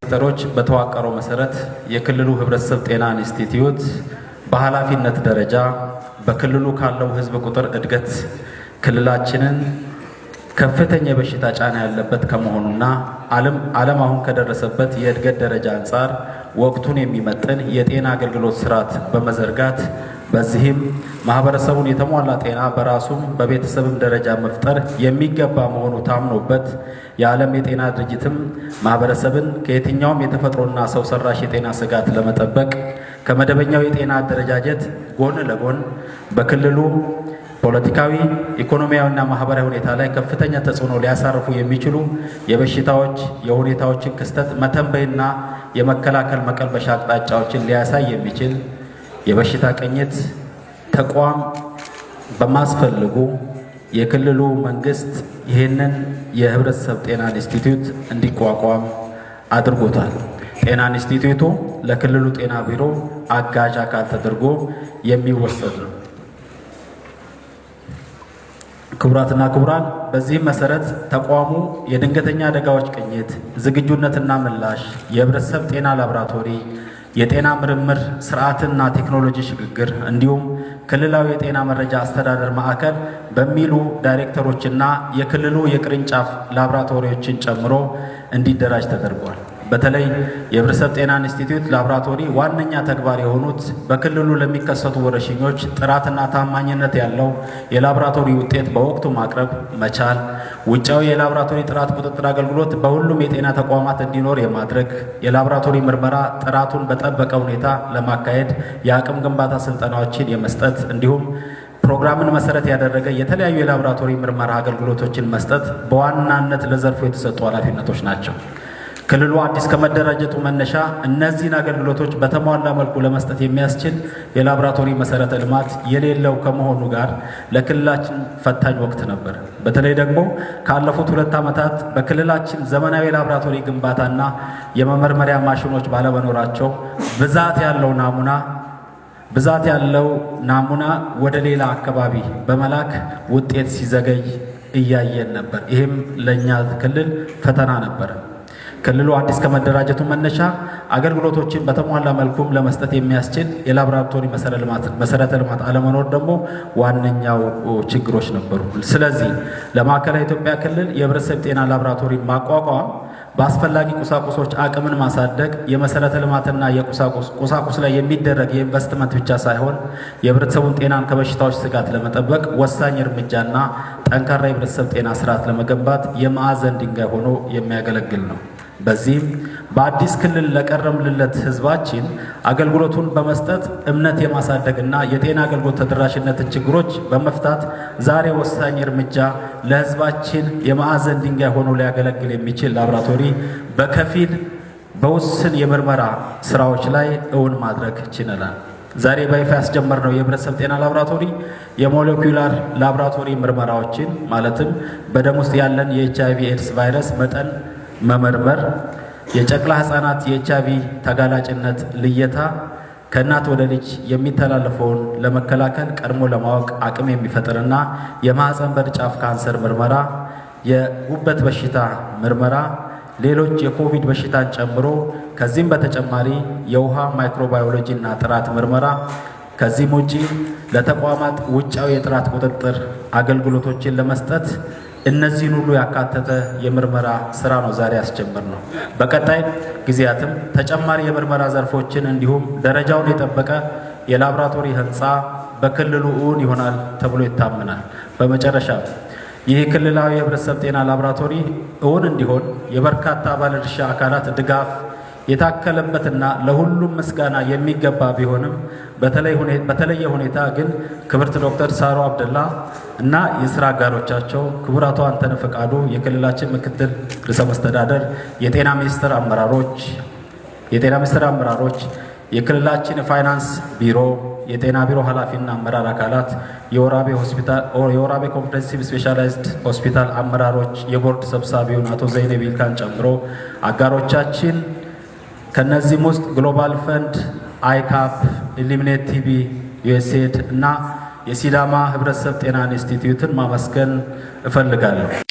ዶክተሮች በተዋቀረው መሰረት የክልሉ ህብረተሰብ ጤና ኢንስቲትዩት በኃላፊነት ደረጃ በክልሉ ካለው ህዝብ ቁጥር እድገት ክልላችንን ከፍተኛ የበሽታ ጫና ያለበት ከመሆኑና ዓለም አሁን ከደረሰበት የእድገት ደረጃ አንጻር ወቅቱን የሚመጥን የጤና አገልግሎት ስርዓት በመዘርጋት በዚህም ማህበረሰቡን የተሟላ ጤና በራሱም በቤተሰብም ደረጃ መፍጠር የሚገባ መሆኑ ታምኖበት የዓለም የጤና ድርጅትም ማህበረሰብን ከየትኛውም የተፈጥሮና ሰው ሰራሽ የጤና ስጋት ለመጠበቅ ከመደበኛው የጤና አደረጃጀት ጎን ለጎን በክልሉ ፖለቲካዊ፣ ኢኮኖሚያዊና ማህበራዊ ሁኔታ ላይ ከፍተኛ ተጽዕኖ ሊያሳርፉ የሚችሉ የበሽታዎች የሁኔታዎችን ክስተት መተንበይና የመከላከል መቀልበሻ አቅጣጫዎችን ሊያሳይ የሚችል የበሽታ ቅኝት ተቋም በማስፈልጉ የክልሉ መንግስት ይህንን የህብረተሰብ ጤና ኢንስቲትዩት እንዲቋቋም አድርጎታል። ጤና ኢንስቲትዩቱ ለክልሉ ጤና ቢሮ አጋዥ አካል ተደርጎ የሚወሰድ ነው። ክቡራትና ክቡራን፣ በዚህም መሰረት ተቋሙ የድንገተኛ አደጋዎች ቅኝት ዝግጁነትና ምላሽ፣ የህብረተሰብ ጤና ላብራቶሪ። የጤና ምርምር ስርዓትና ቴክኖሎጂ ሽግግር እንዲሁም ክልላዊ የጤና መረጃ አስተዳደር ማዕከል በሚሉ ዳይሬክተሮችና የክልሉ የቅርንጫፍ ላብራቶሪዎችን ጨምሮ እንዲደራጅ ተደርጓል። በተለይ የህብረተሰብ ጤና ኢንስቲትዩት ላብራቶሪ ዋነኛ ተግባር የሆኑት በክልሉ ለሚከሰቱ ወረሽኞች ጥራትና ታማኝነት ያለው የላብራቶሪ ውጤት በወቅቱ ማቅረብ መቻል፣ ውጫዊ የላብራቶሪ ጥራት ቁጥጥር አገልግሎት በሁሉም የጤና ተቋማት እንዲኖር የማድረግ የላብራቶሪ ምርመራ ጥራቱን በጠበቀ ሁኔታ ለማካሄድ የአቅም ግንባታ ስልጠናዎችን የመስጠት እንዲሁም ፕሮግራምን መሰረት ያደረገ የተለያዩ የላብራቶሪ ምርመራ አገልግሎቶችን መስጠት በዋናነት ለዘርፉ የተሰጡ ኃላፊነቶች ናቸው። ክልሉ አዲስ ከመደራጀቱ መነሻ እነዚህን አገልግሎቶች በተሟላ መልኩ ለመስጠት የሚያስችል የላቦራቶሪ መሰረተ ልማት የሌለው ከመሆኑ ጋር ለክልላችን ፈታኝ ወቅት ነበር። በተለይ ደግሞ ካለፉት ሁለት ዓመታት በክልላችን ዘመናዊ የላቦራቶሪ ግንባታና የመመርመሪያ ማሽኖች ባለመኖራቸው ብዛት ያለው ናሙና ብዛት ያለው ናሙና ወደ ሌላ አካባቢ በመላክ ውጤት ሲዘገይ እያየን ነበር። ይህም ለእኛ ክልል ፈተና ነበር። ክልሉ አዲስ ከመደራጀቱ መነሻ አገልግሎቶችን በተሟላ መልኩም ለመስጠት የሚያስችል የላብራቶሪ መሰረተ ልማት አለመኖር ደግሞ ዋነኛው ችግሮች ነበሩ። ስለዚህ ለማዕከላዊ ኢትዮጵያ ክልል የህብረተሰብ ጤና ላብራቶሪ ማቋቋም በአስፈላጊ ቁሳቁሶች አቅምን ማሳደግ የመሰረተ ልማትና የቁሳቁስ ቁሳቁስ ላይ የሚደረግ የኢንቨስትመንት ብቻ ሳይሆን የህብረተሰቡን ጤናን ከበሽታዎች ስጋት ለመጠበቅ ወሳኝ እርምጃና ጠንካራ የህብረተሰብ ጤና ስርዓት ለመገንባት የማዕዘን ድንጋይ ሆኖ የሚያገለግል ነው። በዚህም በአዲስ ክልል ለቀረምልለት ህዝባችን አገልግሎቱን በመስጠት እምነት የማሳደግና የጤና አገልግሎት ተደራሽነትን ችግሮች በመፍታት ዛሬ ወሳኝ እርምጃ ለህዝባችን የማዕዘን ድንጋይ ሆኖ ሊያገለግል የሚችል ላብራቶሪ በከፊል በውስን የምርመራ ስራዎች ላይ እውን ማድረግ ችለናል። ዛሬ በይፋ ያስጀመርነው የህብረተሰብ ጤና ላብራቶሪ የሞለኪላር ላብራቶሪ ምርመራዎችን ማለትም በደም ውስጥ ያለን የኤች አይቪ ኤድስ ቫይረስ መጠን መመርመር፣ የጨቅላ ህጻናት የኤችአይቪ ተጋላጭነት ልየታ፣ ከእናት ወደ ልጅ የሚተላለፈውን ለመከላከል ቀድሞ ለማወቅ አቅም የሚፈጥርና የማህፀን በር ጫፍ ካንሰር ምርመራ፣ የጉበት በሽታ ምርመራ ሌሎች የኮቪድ በሽታን ጨምሮ ከዚህም በተጨማሪ የውሃ ማይክሮባዮሎጂ እና ጥራት ምርመራ። ከዚህም ውጪ ለተቋማት ውጫዊ የጥራት ቁጥጥር አገልግሎቶችን ለመስጠት እነዚህን ሁሉ ያካተተ የምርመራ ስራ ነው ዛሬ ያስጀምር ነው። በቀጣይ ጊዜያትም ተጨማሪ የምርመራ ዘርፎችን እንዲሁም ደረጃውን የጠበቀ የላቦራቶሪ ህንፃ በክልሉ እውን ይሆናል ተብሎ ይታመናል። በመጨረሻ ይህ ክልላዊ የህብረተሰብ ጤና ላቦራቶሪ እውን እንዲሆን የበርካታ ባለድርሻ አካላት ድጋፍ የታከለበትና ለሁሉም ምስጋና የሚገባ ቢሆንም በተለየ ሁኔታ ግን ክብርት ዶክተር ሳሮ አብደላ እና የስራ አጋሮቻቸው ክቡር አቶ አንተነህ ፈቃዱ የክልላችን ምክትል ርዕሰ መስተዳደር፣ የጤና ሚኒስቴር አመራሮች የጤና ሚኒስቴር አመራሮች፣ የክልላችን የፋይናንስ ቢሮ፣ የጤና ቢሮ ኃላፊና አመራር አካላት፣ የወራቤ ሆስፒታል የወራቤ ኮምፕሬሄንሲቭ ስፔሻላይዝድ ሆስፒታል አመራሮች፣ የቦርድ ሰብሳቢውን አቶ ዘይኔ ቢልካን ጨምሮ አጋሮቻችን ከነዚህም ውስጥ ግሎባል ፈንድ፣ አይካፕ፣ ኢሊሚኔት ቲቪ ዩኤስኤድ እና የሲዳማ ህብረተሰብ ጤና ኢንስቲትዩትን ማመስገን እፈልጋለሁ።